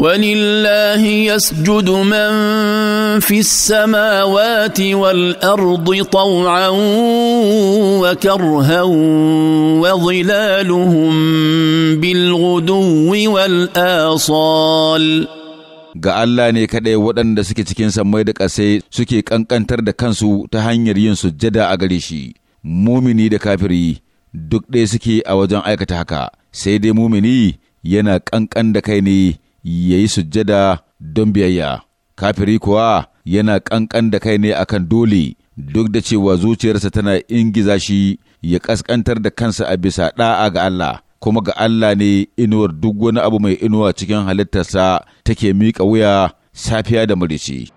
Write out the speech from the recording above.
ولله يسجد من في السماوات والارض طوعا وكرها وظلالهم بالغدو والاصال ga Allah ne kaɗai waɗanda suke cikin sammai da ƙasai suke ƙanƙantar da kansu ta hanyar yin sujjada a gare shi mumini da kafiri duk ɗaya suke a wajen aikata haka sai dai mumini yana ƙanƙan da kai ne ya yi sujjada don biyayya, kafiri kuwa yana ƙanƙan da kai ne akan dole duk da cewa zuciyarsa tana ingiza shi ya ƙasƙantar da kansa a bisa ɗa'a ga Allah, kuma ga Allah ne inuwar duk wani abu mai inuwa cikin halittarsa take miƙa wuya safiya da marici.